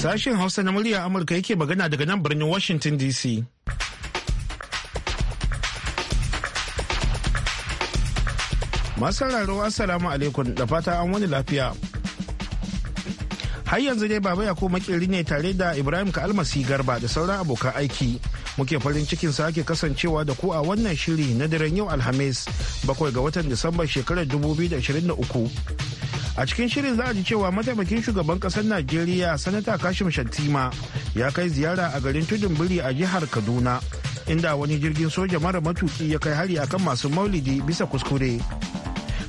Sashen Hausa na muryar Amurka yake magana daga nan birnin Washington DC. Masu raro Assalamu alaikum da fata an wani lafiya. Har yanzu dai Baba yakub makeri ne tare da Ibrahim Kalmasi Garba da sauran abokan aiki. Muke farin cikin sake kasancewa da ku a wannan shiri na daren yau Alhamis bakwai ga watan Disamba shekarar 2023. a cikin shirin za a ji cewa mataimakin shugaban kasar najeriya sanata kashim shattima ya kai ziyara a garin tudun biri a jihar kaduna inda wani jirgin soja mara matuki ya kai hari akan masu maulidi bisa kuskure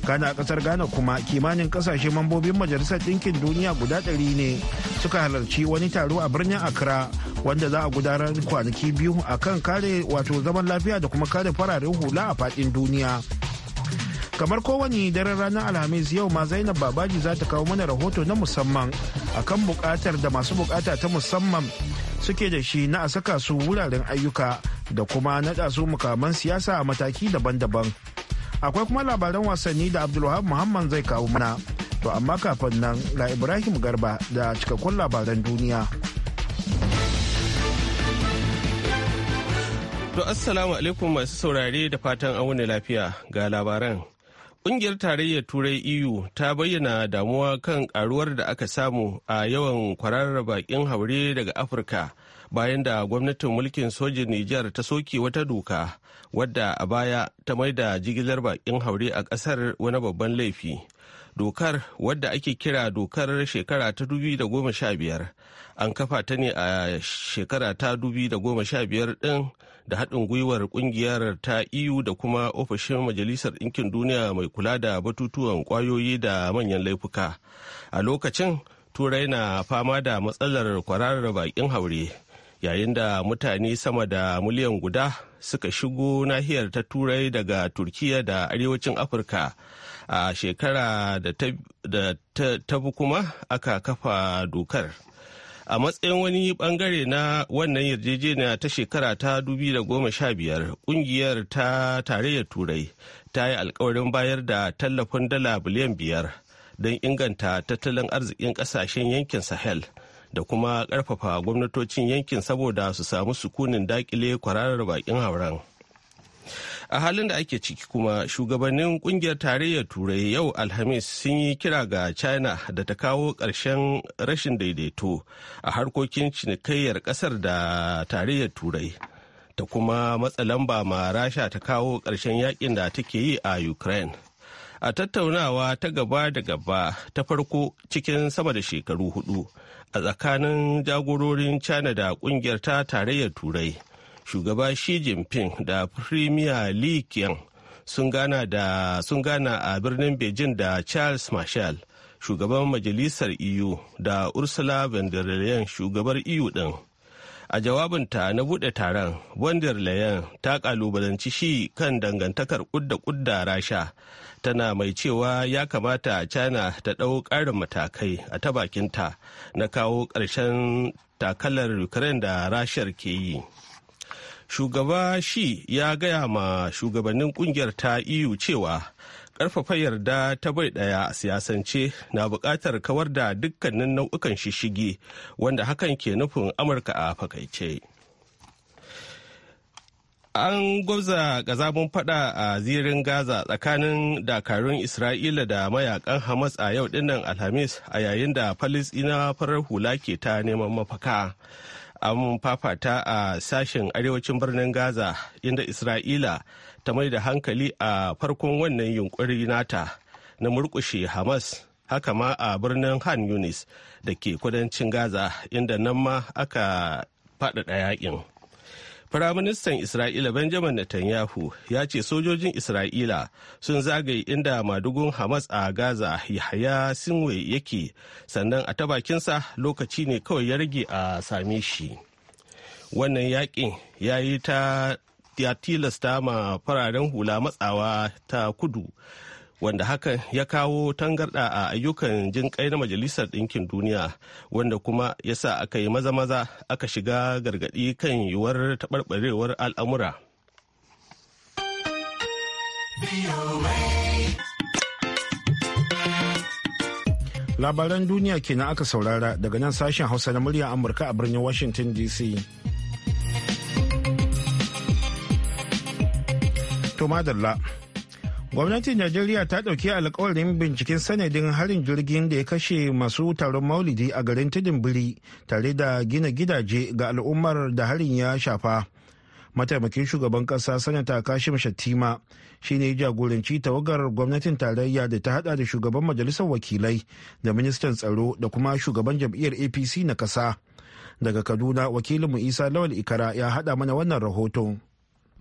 kana kasar ghana kuma kimanin kasashe mambobin majalisar ɗinkin duniya guda ɗari ne suka halarci wani taro a birnin accra wanda za a gudanar kwanaki biyu akan kare wato zaman lafiya da kuma kare fararen hula a faɗin duniya. kamar kowane daren ranar alhamis yau ma zainab babaji za ta kawo mana rahoto na musamman akan bukatar da masu bukata ta musamman suke da shi na a saka su wuraren ayyuka da kuma naɗa su mukaman siyasa a mataki daban-daban akwai kuma labaran wasanni da abdulwahab muhammad zai kawo mana to amma kafin nan ga ibrahim garba da cikakkun labaran duniya To assalamu alaikum masu saurare da fatan an wuni lafiya ga labaran. Ƙungiyar Tarayyar Turai EU ta bayyana damuwa kan ƙaruwar da aka samu a yawan kwararar bakin haure daga Afirka bayan da gwamnatin mulkin sojin Nijar ta soke wata doka wadda a baya ta maida jigilar bakin haure a ƙasar wani babban laifi. Dokar wadda ake kira dokar shekara ta 2015 an kafa ta ne a shekara ta 2015 ɗin da haɗin gwiwar ƙungiyar ta EU da kuma ofishin Majalisar Ɗinkin Duniya mai kula da batutuwan ƙwayoyi da manyan laifuka. A lokacin Turai na fama da matsalar kwararar baƙin haure yayin da mutane sama da miliyan guda suka shigo nahiyar ta Turai daga Turkiya da Arewacin Afirka. A shekara da ta kuma aka kafa dokar. a matsayin wani bangare na wannan yarjejeniya ta shekara ta 2015 kungiyar ta tarayyar turai ta yi alkawarin bayar da tallafin dala biliyan biyar don inganta tattalin arzikin kasashen yankin sahel da kuma karfafa gwamnatocin yankin saboda su samu sukunin dakile kwararar bakin hauren a halin da ake ciki kuma shugabannin kungiyar tarayyar turai yau alhamis sun yi kira ga china da ta kawo ƙarshen rashin daidaito a harkokin cinikayyar ƙasar da tarayyar turai ta kuma matsa lamba ma rasha ta kawo ƙarshen yakin da take yi a ukraine a tattaunawa ta gaba da gaba ta farko cikin sama da shekaru hudu a tsakanin jagororin china da kungiyar ta tarayyar turai shugaba Xi Jinping da Premier Li Qiang sun gana a birnin Beijing da Charles Marshall shugaban majalisar EU da Ursula von der Leyen shugabar EU din. A jawabinta na buɗe taron, von der Leyen ta kalubalanci shi kan dangantakar kudda kudda rasha tana mai cewa ya kamata China ta ɗau ƙarin matakai a ta bakinta na kawo ƙarshen takalar Ukraine da rashar ke yi. shugaba shi ya gaya ma shugabannin kungiyar ta eu cewa karfafa yarda ta bai daya a siyasance na buƙatar kawar da dukkanin nau'ukan shishigi wanda hakan ke nufin amurka a fakaice an gwabza gazabun fada a zirin gaza tsakanin dakarun isra'ila da mayakan hamas a yau dinnan alhamis a yayin da falis ina farar hula ke ta neman mafaka an fafata a sashen arewacin birnin gaza inda isra'ila ta mai da hankali a farkon wannan yunkuri nata na murkushe hamas haka ma a birnin han yunis da ke kudancin gaza inda nan ma aka faɗaɗa yakin Firaministan Isra'ila Benjamin Netanyahu ya ce sojojin Isra'ila sun zagaye inda madugun Hamas a Gaza Yahaya Sinwe yake sannan a ta bakinsa lokaci ne kawai ya rage a same shi. Wannan yaƙin ya yi ta ya tilasta ma fararen hula matsawa ta kudu wanda hakan ya kawo tangarɗa a ayyukan jin kai na majalisar ɗinkin duniya wanda kuma ya sa aka yi maza-maza aka shiga gargaɗi kan yiwuwar taɓarɓarewar al'amura. Labaran duniya kenan aka saurara daga nan sashen Hausa na murya Amurka a birnin Washington DC. To madalla. Gwamnatin Najeriya ta ɗauki alkawarin binciken sanadin harin jirgin da ya kashe masu taron maulidi a garin tudun biri tare da gina gidaje ga al'ummar da harin ya shafa. Mataimakin shugaban ƙasa sanata Kashim Shattima shi ne jagoranci tawagar gwamnatin tarayya da ta hada da shugaban majalisar wakilai da ministan tsaro da kuma shugaban jam'iyyar APC na ƙasa. Daga Kaduna wakilinmu Isa Lawal Ikara ya hada mana wannan rahoton.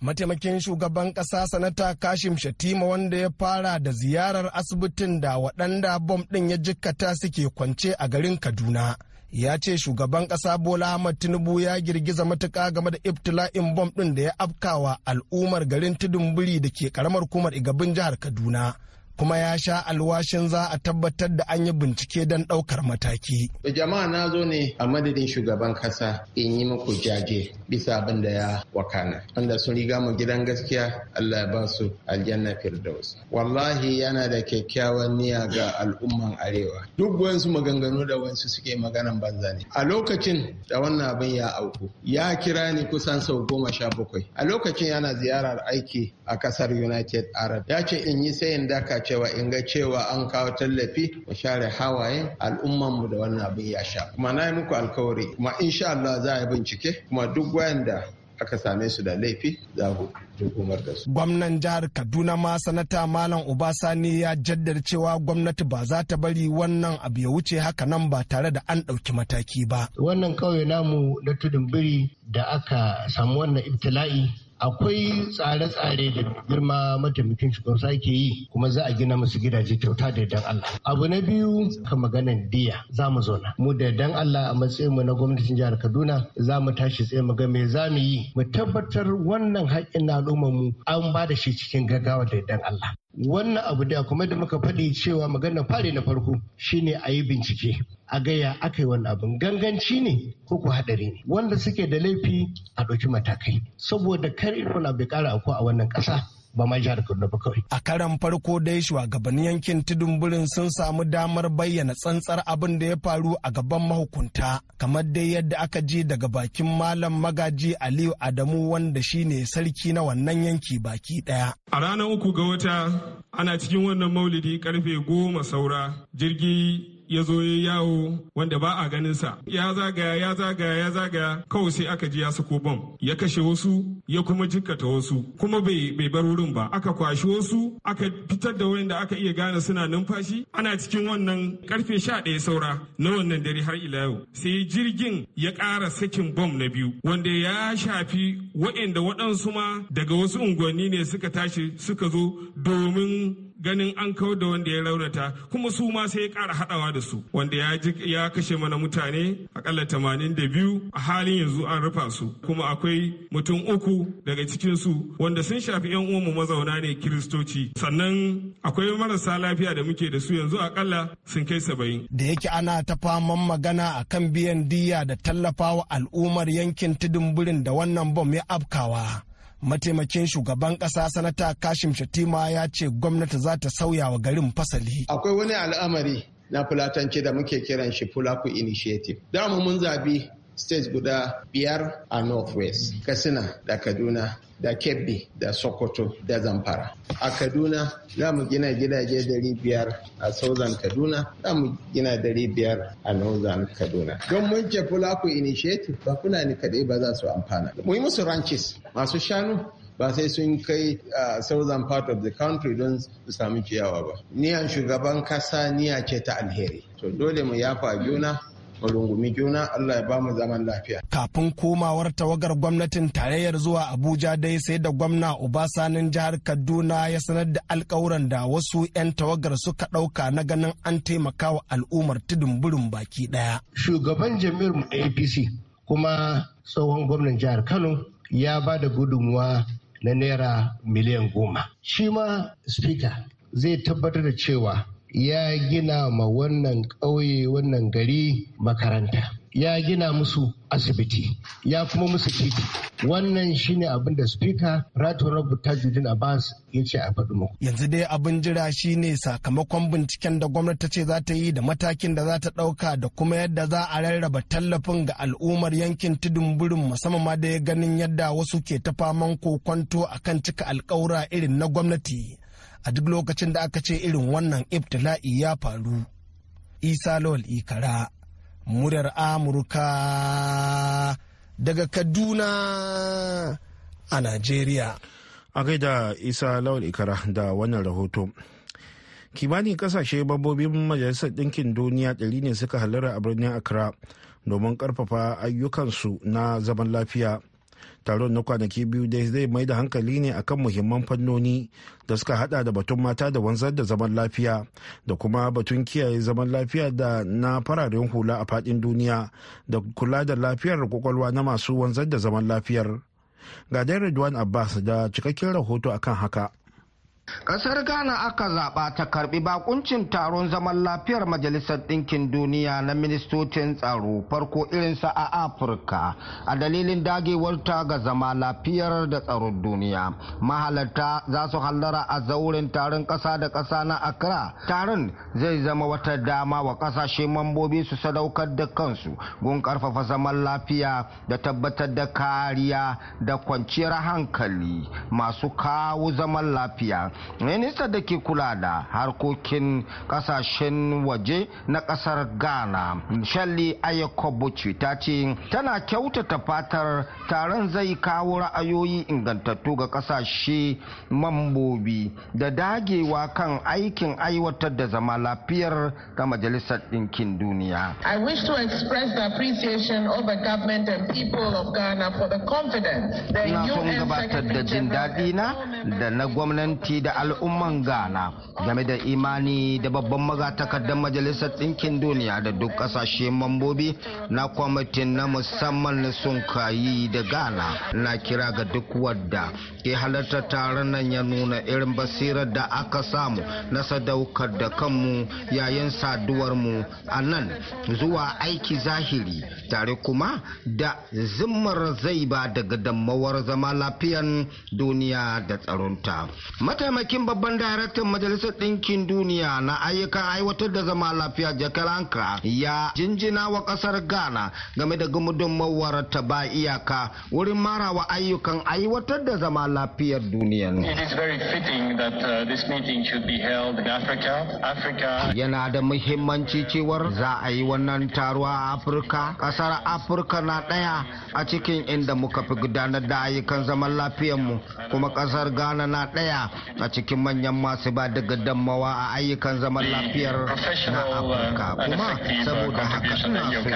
mataimakin shugaban ƙasa sanata kashim shatima wanda ya fara da ziyarar asibitin da waɗanda bom ɗin ya jikkata suke kwance a garin kaduna ya ce shugaban ƙasa bola ahmad tinubu ya girgiza matuka game da ibtila'in bom ɗin da ya afkawa al'ummar garin tudun biri da ke ƙaramar kumar igabin jihar kaduna kuma ya sha alwashin za a tabbatar da an yi bincike don ɗaukar mataki. jama'a na zo ne a madadin shugaban kasa in yi muku jaje bisa abin da ya wakana wanda sun riga mu gidan gaskiya allah ya ba su aljanna firdaus wallahi yana da kyakkyawan niyya ga al'umman arewa duk wayansu maganganu da wayansu suke maganan banza ne a lokacin da wannan abin ya auku ya kira ni kusan sau goma sha bakwai a lokacin yana ziyarar aiki a kasar united arab ya ce in yi sayin daka cewa in ga cewa an kawo tallafi mu share hawayen al'umman mu da wannan abin ya sha kuma na yi muku alkawari kuma insha Allah za a yi bincike kuma duk wayanda aka same su da laifi za hukumar da su. Gwamnan jihar Kaduna ma sanata Malam sani ya jaddada cewa gwamnati ba za ta bari wannan abu ya wuce haka nan ba tare da an ɗauki mataki ba. Wannan kawai namu na tudun biri da aka samu wannan ibtila'i akwai tsare-tsare da girma mataimakin shugaban sa ke yi kuma za a gina musu gidaje kyauta da dan Allah abu na biyu ka maganan diya za mu zauna mu da dan Allah a matsayin mu na gwamnatin jihar Kaduna za mu tashi tsaye mu ga me za mu yi mu tabbatar wannan haƙƙin na al'ummar mu an ba da shi cikin gaggawa da dan Allah wannan abu da kuma da muka faɗi cewa magana fari na farko shine a yi bincike a gaya aka yi wani abin ganganci ne ko ku haɗari ne wanda suke da laifi a ɗauki matakai saboda kar irin bai ya ƙara auku a wannan ƙasa ba mai jihar Kaduna ba kawai. A karan farko dai shugabannin yankin tudun sun samu damar bayyana tsantsar abin da ya faru a gaban mahukunta kamar dai yadda aka ji daga bakin malam magaji Aliyu Adamu wanda shine sarki na wannan yanki baki daya. A ranar uku ga wata ana cikin wannan maulidi karfe goma saura jirgi ya zo ya yawo wanda ba a ganin sa ya zagaya ya zagaya ya zagaya kawai sai aka ji ya sako bom ya kashe wasu ya kuma jikkata wasu kuma bai bar wurin ba aka kwashi wasu aka fitar da wanda aka iya gane suna numfashi ana cikin wannan karfe sha ɗaya saura na wannan dare har ila yau sai jirgin ya ƙara sakin bom na biyu wanda ya shafi waɗanda waɗansu ma daga wasu unguwanni ne suka tashi suka zo domin ganin an kawar da wanda ya raunata kuma su ma sai ya kara hadawa da su wanda ya kashe mana mutane akalla tamanin da biyu a halin yanzu an rufa su kuma akwai mutum uku daga cikin su wanda sun shafi yan uwanmu mazauna ne kiristoci sannan akwai marasa lafiya da muke da su yanzu akalla sun kai saba'in. da yake ana ta faman magana akan biyan diya da tallafawa al'ummar yankin tudun birin da wannan bom ya afkawa mataimakin shugaban Ƙasa sanata kashim shatima ya ce gwamnati za ta sauya wa garin fasali akwai wani al'amari na fulatanci da muke kiran shi fulaku initiative dama mun zabi state guda biyar a northwest katsina da kaduna da kebbi da sokoto da zamfara a kaduna za mu gina gidaje dari biyar a southern kaduna za mu gina dari biyar a northern kaduna don mun fulaku initiative ba ni kadai ba za su amfana mu yi musu ranches masu shanu ba sai sun kai a southern part of the country don su sami ciyawa ba niyan shugaban kasa niya ce ta alheri to dole mu yafa juna mu juna Allah ya bamu zaman lafiya. Kafin komawar tawagar gwamnatin tarayyar zuwa Abuja dai sai da gwamna Obasanin jihar Kaduna ya sanar da alkawuran da wasu 'yan tawagar suka ɗauka na ganin an taimaka wa al'ummar tudun baki ɗaya. Shugaban jami'ar APC kuma tsohon gwamnan jihar Kano ya ba da gudunmuwa na naira miliyan goma. Shi ma speaker zai tabbatar da cewa ya gina ma wannan ƙauye wannan gari makaranta ya gina musu asibiti ya kuma musu titi wannan shine abin da speaker ratu rabu tajudin abbas ya ce a faɗi muku yanzu dai abin jira shine sakamakon binciken da gwamnati ce za ta yi da matakin da za ta ɗauka da kuma yadda za a rarraba tallafin ga al'ummar yankin tudun birin musamman ma da ya ganin yadda wasu ke ta faman kokonto akan cika alƙawura irin na gwamnati a duk lokacin da aka ce irin wannan ibtila'i ya faru isa lawal ikara muryar amurka daga kaduna a najeriya a gaida isa lawal ikara da wannan rahoto kimanin kasashe babobin majalisar ɗinkin duniya ɗari ne suka halara a birnin accra domin ƙarfafa ayyukansu na zaman lafiya taron na kwanaki biyu dai zai mai da hankali ne akan muhimman fannoni da suka hada da batun mata da wanzar da zaman lafiya da kuma batun kiyaye zaman lafiya da na fararen hula a fadin duniya da kula da lafiyar kwakwalwa na masu wanzar da zaman lafiyar ga dai Abbas da cikakken rahoto akan haka Kasar Ghana aka zaɓa ta karɓi bakuncin taron zaman lafiyar Majalisar Ɗinkin Duniya na ministocin tsaro farko irinsa a Afirka a dalilin dagewarta ga zama lafiyar da tsaron duniya. Mahalarta za su hallara a zauren taron ƙasa da ƙasa na Accra. Taron zai zama wata dama wa ƙasashe mambobi su sadaukar da kansu gun ƙarfafa zaman lafiya da tabbatar da kariya da kwanciyar hankali masu kawo zaman lafiya. minista da ke kula da harkokin kasashen waje na kasar ghana shelly ayakobuchi ta ce tana kyautata fatar taron zai kawo ra'ayoyi ingantattu ga kasashe mambobi da dagewa kan aikin aiwatar da zama lafiyar ta majalisar ɗinkin duniya i wish to express the appreciation of the government and people of ghana for the confidence that na son gabatar da jin daɗi na da na gwamnati da da al'umman ghana game da imani da babban magatakardar majalisar ɗinkin duniya da duk ƙasashe mambobi na kwamitin na musamman sun kayi da ghana na kira ga duk wadda ke halarta taron nan ya nuna irin basirar da aka samu na sadaukar da kanmu yayin saduwar mu a nan zuwa aiki zahiri tare kuma da zimmar zai ba daga damawar zama lafiyan duniya da tsaronta. mataimakin babban daraktan majalisar ɗinkin duniya na ayyukan aiwatar da zama lafiya jakaranka ya jinjina wa ƙasar ghana game da gudunmawar ta ba iyaka wurin marawa ayyukan aiwatar da zama lafiyar duniya uh, yana da muhimmanci cewar za a yi wannan taro a afirka ƙasar afirka na ɗaya a cikin inda muka fi gudanar da ayyukan zaman lafiyarmu kuma ƙasar ghana na ɗaya a cikin manyan masu ba da gaddamawa a ayyukan zaman lafiyar na uh, afirka kuma uh, saboda haka suna so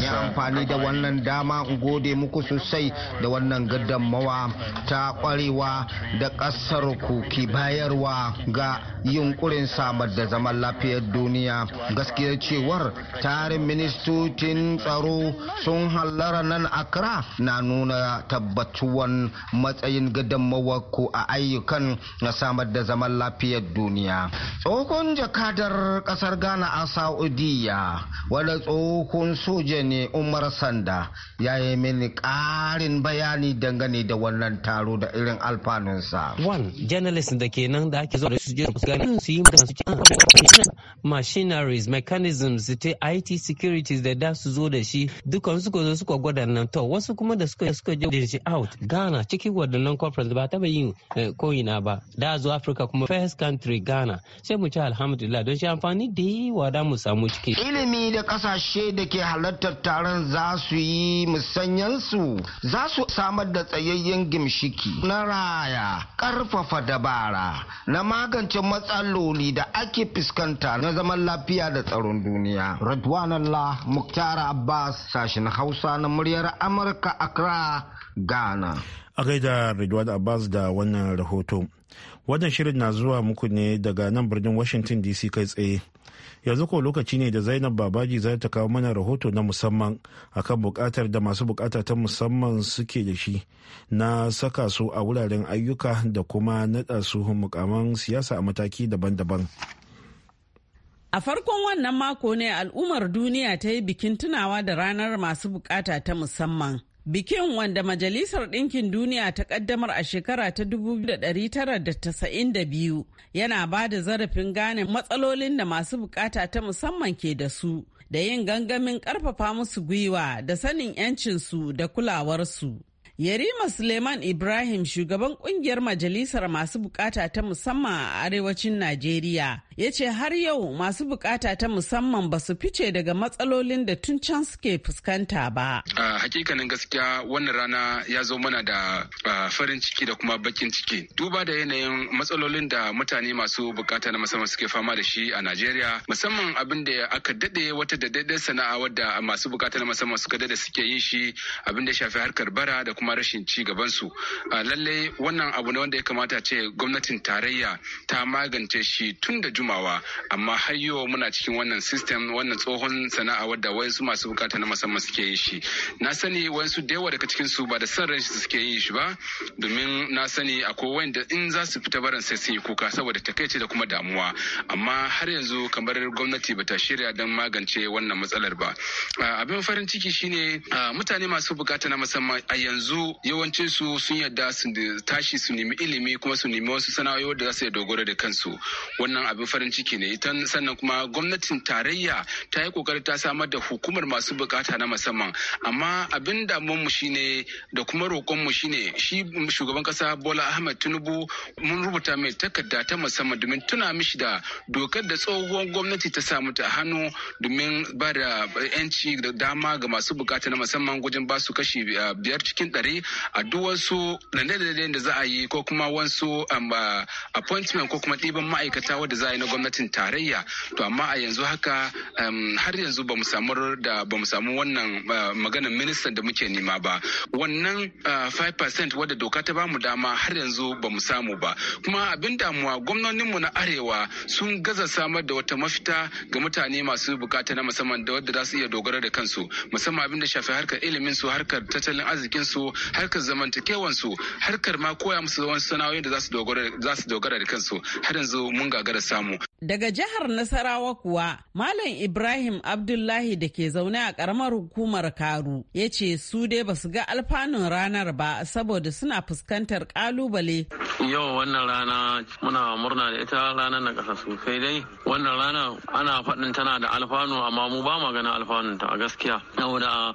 ya amfani da wannan dama in gode muku sosai da wannan gaddamawa ta kwarewa da kasar ku ke bayarwa ga yunkurin samar da zaman lafiyar duniya gaskiyar cewar tarin ministocin tsaro sun hallara nan akra na nuna tabbatuwan matsayin gaddamawar ku a ayyukan na samar da zaman lafiyar duniya tsohon jakadar kasar ghana a saudiya wani tsohon soja ne umar sanda ya yi mini karin bayani dangane da wannan taro da irin alfanunsa one journalist da ke nan da ake zuwa da su je su gani su yi machineries mechanisms ta IT securities da da su zo da shi dukkan suka zo suka gwada nan to wasu kuma da suka suka je da shi out Ghana cikin wadannan conference ba ta taba eh, ko ina ba da da zo Afirka kuma first country Ghana sai mu ci alhamdulillah don shi amfani da yawa da mu samu ciki. Ilimi da kasashe da ke halartar taron za su yi musanyansu za su samar da tsayayyen gimshiki na raya karfafa dabara na magance matsaloli da ake fuskanta na zaman lafiya da tsaron duniya. Radwanallah Muktara Abbas sashen Hausa na muryar Amurka Accra Ghana. A gaida Ridwan Abbas da wannan rahoto. Wannan shirin na zuwa muku ne daga nan birnin Washington DC kai tsaye. Yanzu ko lokaci ne da Zainab Babaji za ta kawo mana rahoto na musamman akan bukatar da masu bukata ta musamman suke da shi na saka su a wuraren ayyuka da kuma naɗa su mukaman siyasa a mataki daban-daban. A farkon wannan mako ne al'ummar duniya ta yi bikin tunawa da ranar masu bukata ta musamman. Bikin wanda Majalisar Ɗinkin Duniya ta ƙaddamar a shekara ta 1992 yana ba da zarafin gane matsalolin da masu bukata ta musamman ke da su, da yin gangamin ƙarfafa musu gwiwa da sanin 'yancinsu da kulawarsu. Yarima Suleiman Ibrahim shugaban kungiyar majalisar masu bukata ta musamman a arewacin Najeriya ya ce har yau masu bukata ta musamman ba su fice daga matsalolin da tun can suke fuskanta ba. Uh, hakikanin gaskiya wannan rana ya zo mana da uh, farin ciki da kuma bakin ciki duba da yanayin matsalolin da mutane masu bukata na musamman suke fama da shi a najeriya musamman abin da aka dade wata da dade sana'a wadda masu bukata na musamman suka dade suke yin shi abin da shafi harkar bara da kuma rashin ci gaban su lallai wannan abu ne wanda ya kamata ce gwamnatin tarayya ta magance shi tun da juma komawa amma har yau muna cikin wannan system wannan tsohon sana'a wadda wayansu masu bukata na musamman suke yin shi na sani wayansu da yawa daga cikin su ba da san ran suke yin shi ba domin na sani akwai wanda in za su fita baran sai sun yi kuka saboda takaici da kuma damuwa amma har yanzu kamar gwamnati bata shirya don magance wannan matsalar ba abin farin ciki shine mutane masu bukata na musamman a yanzu yawancin su sun yarda su tashi su nemi ilimi kuma su nemi wasu sana'o'i da za su dogara da kansu wannan abin farin ciki ne sannan kuma gwamnatin tarayya ta yi kokari ta samar da hukumar masu bukata na musamman amma abin damuwar mu shine da kuma roƙon mu shine shi shugaban kasa Bola Ahmed Tinubu mun rubuta mai takarda ta musamman domin tuna mishi da dokar da tsohuwar gwamnati ta samu ta hannu domin ba da yanci da dama ga masu bukata na musamman gujin ba su kashi eh, biyar cikin ɗari a duk wasu da da za a yi ko kuma wasu um, ah, appointment ko kuma ɗiban ma'aikata wadda za a yi na gwamnatin tarayya to amma a yanzu haka har yanzu ba mu samu da ba mu samu wannan maganan ministan da muke nema ba wannan 5% eh, wadda doka ta bamu dama har yanzu ba mu samu ba kuma abin damuwa mu na arewa sun gaza samar da wata mafita ga mutane masu bukata na musamman da wadda za su iya dogara da kansu musamman abin da shafi harkar ilimin su harkar tattalin arzikin su harkar zamantakewan su harkar ma koya musu wani sana'o'i da za su dogara da kansu har yanzu mun gagara samu mu. Daga jihar Nasarawa kuwa, Malam Ibrahim Abdullahi da ke zaune a karamar hukumar Karu ya ce su dai ba su ga alfanun ranar ba saboda suna fuskantar kalubale. Yau wannan rana muna murna da ita ranar na kasa sosai dai. Wannan rana ana faɗin tana da alfanu amma mu ba gana alfanun ta a gaskiya. Saboda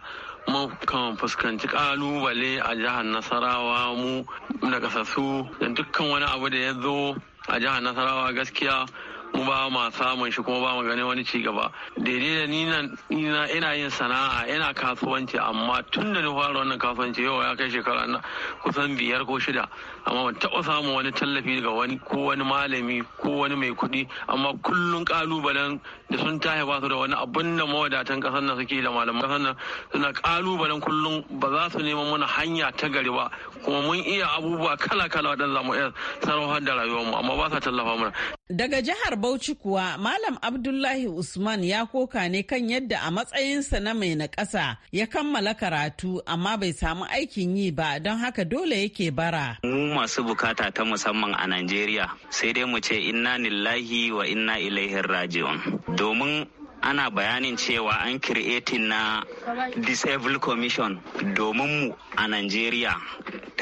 kan fuskanci kalubale a jihar Nasarawa mu da kasasu da dukkan wani abu da ya zo a jihar nasarawa gaskiya mu ba ma samun shi kuma ba mu ganin wani ci gaba daidai da ni nan ina yin sana'a ina kasuwanci amma tun da ni fara wannan kasuwanci yau ya kai shekara na kusan biyar ko shida amma ban taɓa samun wani tallafi daga wani ko wani malami ko wani mai kuɗi amma kullum kalubalen da sun tahi ba su da wani abun da mawadatan ƙasar nan suke da malaman ƙasar nan suna kalubalen kullum ba za su neman mana hanya ta gari ba kuma mun iya abubuwa kala-kala waɗanda za mu iya sarrafa da rayuwarmu amma ba sa tallafa mana. Daga jihar Bauchi kuwa Malam Abdullahi Usman ya koka ne kan yadda a matsayinsa na mai na ƙasa ya kammala karatu amma bai samu aikin yi ba don haka dole yake bara. Mu masu bukata ta musamman a Najeriya sai dai mu ce inna lillahi wa inna ilaihi raji'un. Domin ana bayanin cewa an kiretin na disabled commission domin mu a Najeriya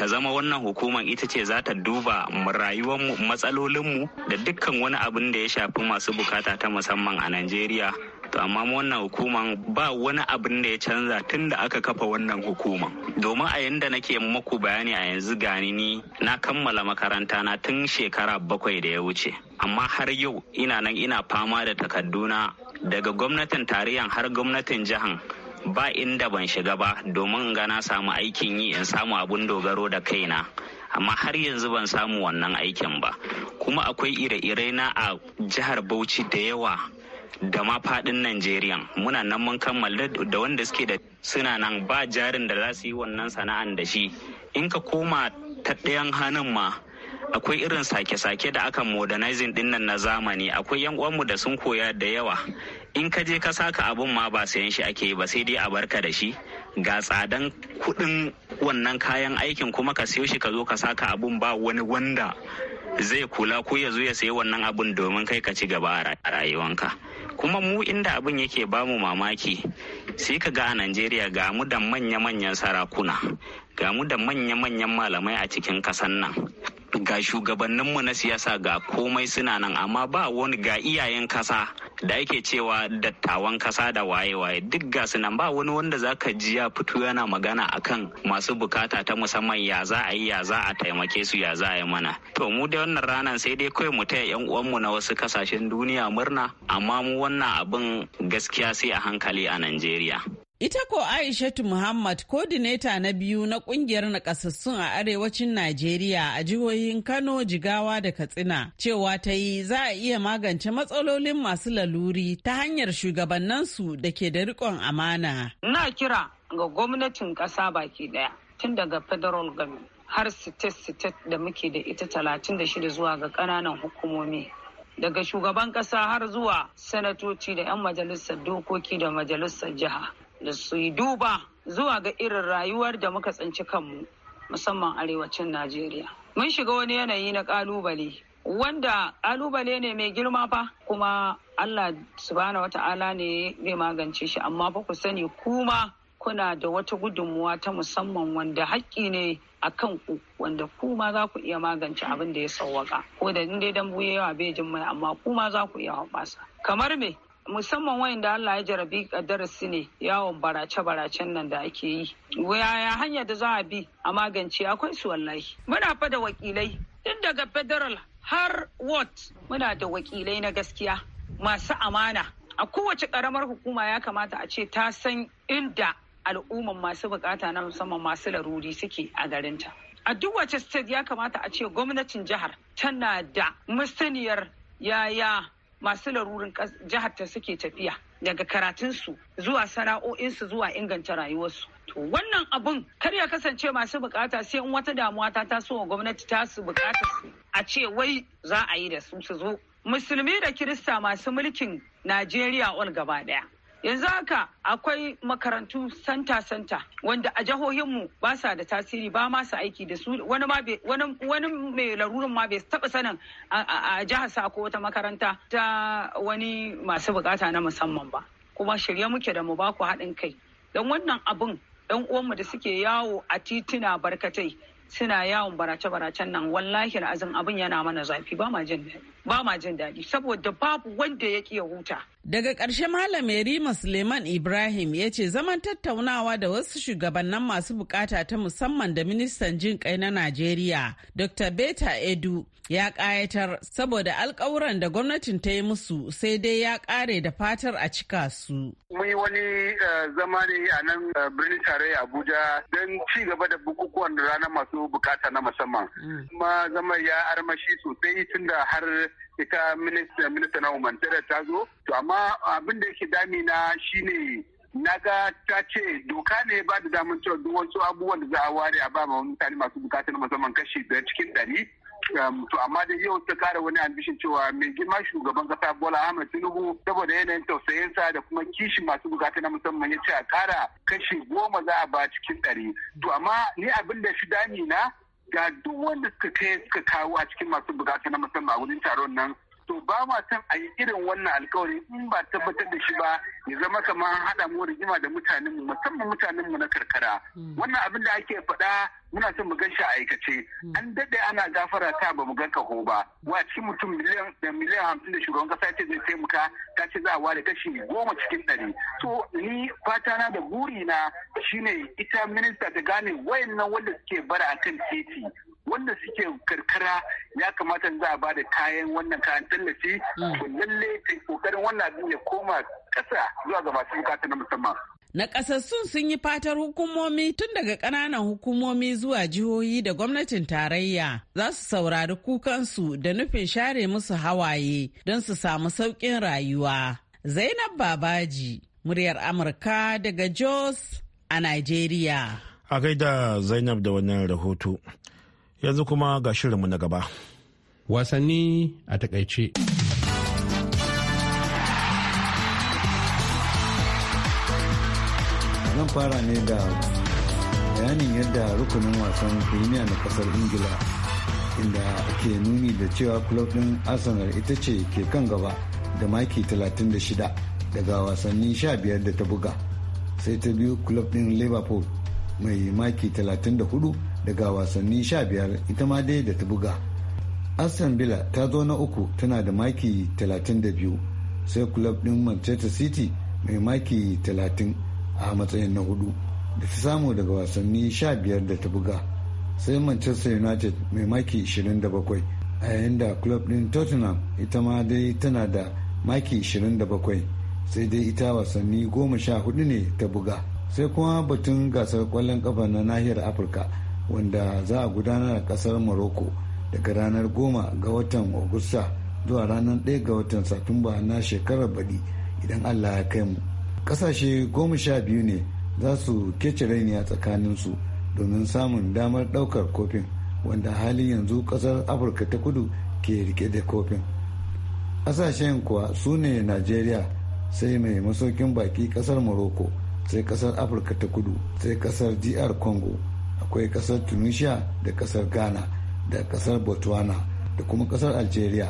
ta zama wannan hukumar ita ce za ta duba rayuwar matsalolinmu da dukkan wani abin da ya shafi masu bukata ta musamman a Najeriya. To amma wannan hukuman ba wani abin da ya canza tun da aka kafa wannan hukuman. Domin a yanda nake muku bayani a yanzu gani ni na kammala makaranta na tun shekara bakwai da ya wuce. Amma har yau ina nan ina fama da takadduna daga gwamnatin tarayyan har gwamnatin jihan ba inda ban shiga ba domin ga na samu aikin yi in samu abun dogaro da kaina amma har yanzu ban samu wannan aikin ba kuma akwai ire-ire na a jihar bauchi da yawa da ma fadin Najeriya muna nan mun kammala da wanda suke da suna nan ba jarin da za su yi wannan sana'an da shi in ka koma ta ɗayan hannun ma akwai irin sake-sake da akan modernizing dinnan na zamani akwai yan uwanmu da sun koya da yawa in ka je ka saka abun ma ba sayan shi ake yi ba sai dai a barka da shi ga tsadan kuɗin wannan kayan aikin kuma ka sayo shi ka zo ka saka abun ba wani wanda zai kula ko ya zo ya sayi wannan abun domin kai ka ci gaba a rayuwanka kuma mu inda abin yake bamu mamaki sai ka ga a najeriya ga mu da manya-manyan sarakuna ga mu da manya-manyan malamai a cikin kasan nan ga shugabanninmu na siyasa ga komai suna nan amma ba wani ga iyayen kasa da ake cewa dattawan kasa da waye-waye duk ga nan ba wani wanda za ka ji ya fito yana magana akan masu bukata ta musamman ya za a yi ya za a taimake su ya za a yi mana to mu da wannan ranar sai dai kawai mu taya yan uwanmu na wasu kasashen duniya murna amma mu wannan abin gaskiya sai a hankali a Najeriya. Ita ko Aishatu Muhammad kodineta na biyu na kungiyar nakasassun a arewacin Najeriya a jihohin Kano, Jigawa da Katsina cewa ta yi za a iya magance matsalolin masu laluri ta hanyar shugabanninsu da ke da rikon amana. Na kira ga gwamnatin ƙasa baki ɗaya tun daga federal government har state-state da muke da ita talatin da shida zuwa ga ƙananan hukumomi. daga shugaban ƙasa har zuwa sanatoci da 'yan majalisar dokoki da majalisar jiha da su yi duba zuwa ga irin rayuwar da muka tsinci kanmu musamman arewacin najeriya mun shiga wani yanayi na kalubale wanda kalubale ne mai girma fa kuma allah subhana ta'ala ne zai magance shi amma fa ku sani kuma kuna da wata gudunmuwa ta musamman wanda haƙƙi ne a kan ku wanda kuma za ku iya magance abin da ya sauwaka ko da inda dan buye yawa bai jin mai amma kuma za ku iya hoɓasa kamar me musamman wayanda Allah ya jarabi darasi ne yawon barace-baracen nan da ake yi. Yaya hanyar da za a bi a magance akwai su wallahi. Muna fa da wakilai tun daga federal har what muna da wakilai na gaskiya masu amana. A kowace karamar hukuma ya kamata a ce ta san inda al'umman masu bukata na musamman masu laruri suke a garinta. A duk wace state ya kamata a ce gwamnatin jihar tana da masaniyar yaya masu larurin jihar ta suke tafiya daga karatunsu zuwa sana'o'in su zuwa inganta rayuwarsu. To wannan abun kar ya kasance masu bukata sai in wata damuwa ta taso wa gwamnati ta su bukata a ce wai za a yi da su su zo. Musulmi da Kirista masu mulkin Najeriya all gaba daya. yanzu haka akwai makarantu santa-santa wanda a jihohinmu ba sa da tasiri ba ma su aiki da su wani mai larurin ma bai taba sanin a jihar sa ko wata makaranta ta wani masu bukata na musamman ba kuma shirya muke da mu ba ku haɗin kai don wannan abin 'yan uwanmu da suke yawo a tituna barkatai suna yawon barace-baracen nan wallahi azin abin yana mana zafi ba ma jin daɗi ba ma jin daɗi saboda babu wanda ya ya huta. Daga ƙarshe Malam Rima Suleiman Ibrahim ya ce zaman tattaunawa da wasu shugabannin masu bukata ta musamman da ministan jin kai na Najeriya Dr. Beta Edu ya ƙayatar saboda alkawuran da gwamnatin ta yi musu sai dai ya ƙare da fatar a cika su. Mun yi wani eh, zama ne a nan eh, birnin tarayya Abuja don ci gaba da bukukuwan ranar masu bukata na musamman. Mm. Kuma zama ya armashi sosai tun da har ita minista na umantara ta zo. To amma abin da yake damina shine naga ta ce doka ne ba da damar cewa duk wasu abubuwan da za a ware a ba mutane masu bukatar musamman kashi biyar cikin ɗari to amma da yau ta kara wani ambishin cewa mai girma shugaban kasa Bola Ahmed Tinubu saboda yanayin tausayinsa da kuma kishin masu bukata na musamman ya ce a kara kashi goma za a ba cikin ɗari. To amma ni abin da shi dami ga duk wanda suka kai suka kawo a cikin masu bukata na musamman a wurin taron nan to ba ma san a yi irin wannan alkawari in ba tabbatar da shi ba ya zama kamar haɗa mu rigima da mutanenmu musamman mutanenmu na karkara hmm. wannan abin da ake faɗa muna son mu gan shi a aikace hmm. an dade ana gafara ta ba mu gan kaho ba wace mutum miliyan da miliyan hamsin da shugaban kasa ce zai taimaka ta ce za a ware kashi goma cikin ɗari To ni fata na da buri na shine ita minista ta gane wayannan wanda suke bara akan titi wanda suke karkara ya kamata za a bada kayan wannan kayan tallafi hmm. to lalle kokarin wannan abin ya koma ƙasa zuwa ga masu bukata na musamman Nakasassun sun yi fatar hukumomi tun daga ƙananan hukumomi zuwa jihohi da gwamnatin tarayya za su saurari kukansu da nufin share musu hawaye don su samu sauƙin rayuwa. Zainab Babaji, muryar Amurka daga Jos a Najeriya. A gaida Zainab da wannan rahoto. Yanzu kuma ga shirinmu na gaba. Wasanni a takaice. fara ne da bayanin yadda rukunin wasan duniya na kasar ingila inda ke nuni da cewa kulob din arsenal ita ce ke kan gaba da maki 36 daga wasanni 15 da ta buga sai ta biyu kulob din liverpool mai maki 34 daga wasanni 15 ita ma dai da ta buga aston villa ta zo na uku tana da maki 32 sai kulob din manchester city mai maki a matsayin na hudu da ta samu daga wasanni 15 da ta buga sai manchester united mai maki 27 a yayin da club din tottenham ita ma dai tana da maki 27 sai dai ita wasanni 14 ne ta buga sai kuma batun gasar kwallon kafa na nahiyar afirka wanda za a gudanar a kasar morocco daga ranar 10 ga watan agusta zuwa ranar 1 ga watan satumba na shekarar baɗi idan allah ya kai mu kasashe goma sha biyu ne za su kece raini a tsakaninsu domin samun damar ɗaukar kofin wanda halin yanzu kasar afirka ta kudu ke rike da kofin ƙasashen kuwa su ne najeriya sai mai masaukin baki ƙasar morocco sai ƙasar afirka ta kudu sai ƙasar dr congo akwai ƙasar tunisia da ƙasar ghana da ƙasar botswana da kuma ƙasar algeria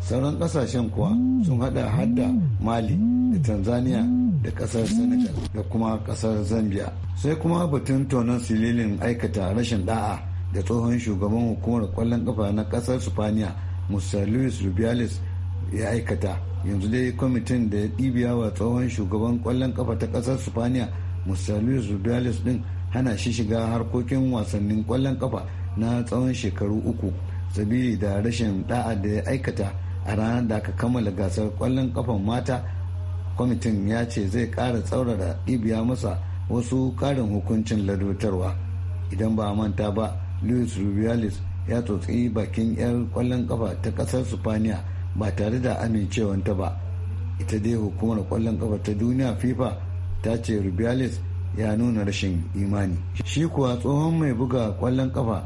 sauran ƙasashen kuwa sun hada hadda mali da tanzania da kasar senegal da kuma kasar zambia sai kuma batun tonon sililin aikata rashin da'a da tsohon shugaban hukumar kwallon kafa na kasar spaniya musa luis rubiales ya aikata yanzu dai kwamitin da ya ɗibiya wa tsohon shugaban kwallon kafa ta kasar spaniya musa luis rubiales din hana shi shiga harkokin wasannin kwallon kafa na tsawon shekaru uku sabili da rashin da'a da ya aikata a ranar da aka kammala gasar kwallon kafan mata kwamitin ya ce zai ƙara tsaurara ɗibiya masa wasu ƙarin hukuncin ladotarwa idan ba manta ba luis rubiales ya tsotsi bakin 'yar kwallon kafa ta ƙasar spaniya ba tare da amincewanta ba ita dai hukumar kwallon kafa ta duniya fifa ta ce Rubialis ya nuna rashin imani shi kuwa tsohon mai buga kwallon kafa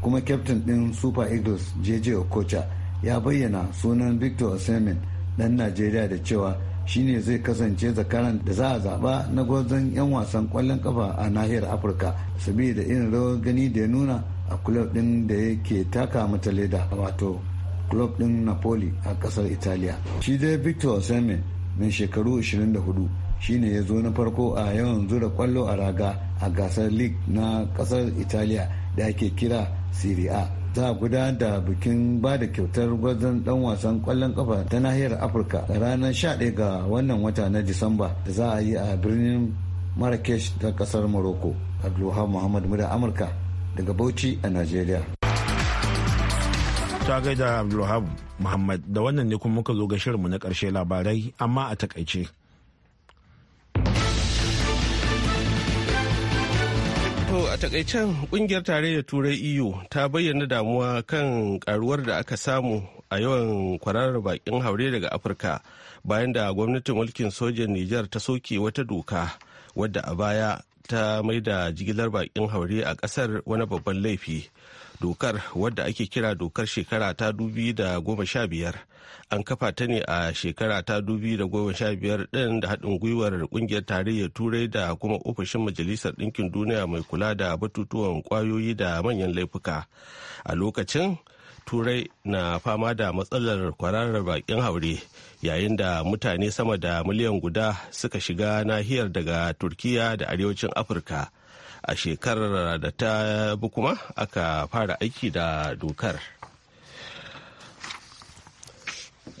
kuma kyaftin ɗin super eagles jj okocha ya bayyana sunan victor osimhen ɗan najeriya da cewa shine zai kasance zakaran da za a zaba na gwazon 'yan wasan kwallon kafa a nahiyar afirka saboda irin rawar gani da ya nuna a kulob din da yake taka mata leda wato kulob din napoli a kasar italiya shi dai victor osimhen mai shekaru 24 shine ya zo na farko a yawan zura kwallo a raga a gasar league na kasar italiya da ake kira serie a za a gudanar da bikin ba da kyautar gwazon dan wasan kwallon kafa ta nahiyar afirka ranar 11 ga wannan wata na disamba da za a yi a birnin marrakesh ta kasar morocco abdulhamid muhammad muda amurka daga bauchi a nigeria ta gaida abdulhamid muhammad da wannan ne kuma muka zo ga shirinmu na karshe labarai amma a takaice. To a takaicen kungiyar tarayyar turai EU ta bayyana damuwa kan karuwar da aka samu a yawan kwararar bakin haure daga Afirka bayan da gwamnatin mulkin sojan Nijar ta soke wata doka wadda a baya ta maida jigilar bakin haure a kasar wani babban laifi. dokar wadda ake kira dokar shekara ta biyar an kafa ta ne a shekara ta biyar ɗin da haɗin gwiwar ƙungiyar tarayyar turai da kuma ofishin majalisar ɗinkin duniya mai kula da batutuwan ƙwayoyi da manyan laifuka a lokacin turai na fama da matsalar kwararar bakin haure yayin da mutane sama da miliyan guda suka shiga nahiyar daga turkiya da arewacin afirka a shekarar da ta bi kuma aka fara aiki da dokar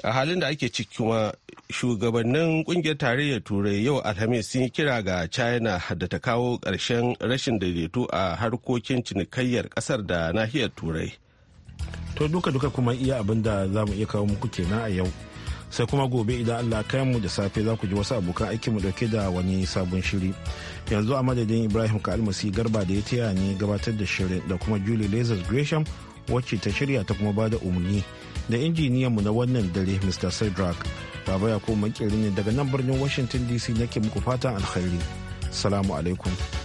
a halin da ake ciki kuma shugabannin kungiyar tarayyar turai yau alhamis sun yi kira ga china da ta kawo ƙarshen rashin daidaito a harkokin cinikayyar ƙasar da nahiyar turai to duka-duka kuma iya abinda da za mu iya kawo muku kenan a yau sai kuma gobe idan allah kayan mu da safe za ku ji wasu abokan aiki mu dauke da wani sabon shiri yanzu a madadin ibrahim ka almasi garba da ya taya ni gabatar da shirin da kuma julie lazarus gresham wacce ta shirya ta kuma bada umarni da injiniyan mu na wannan dare mr cedric baba yakubu ko ne daga nan birnin washington dc nake muku fatan alkhairi salamu alaikum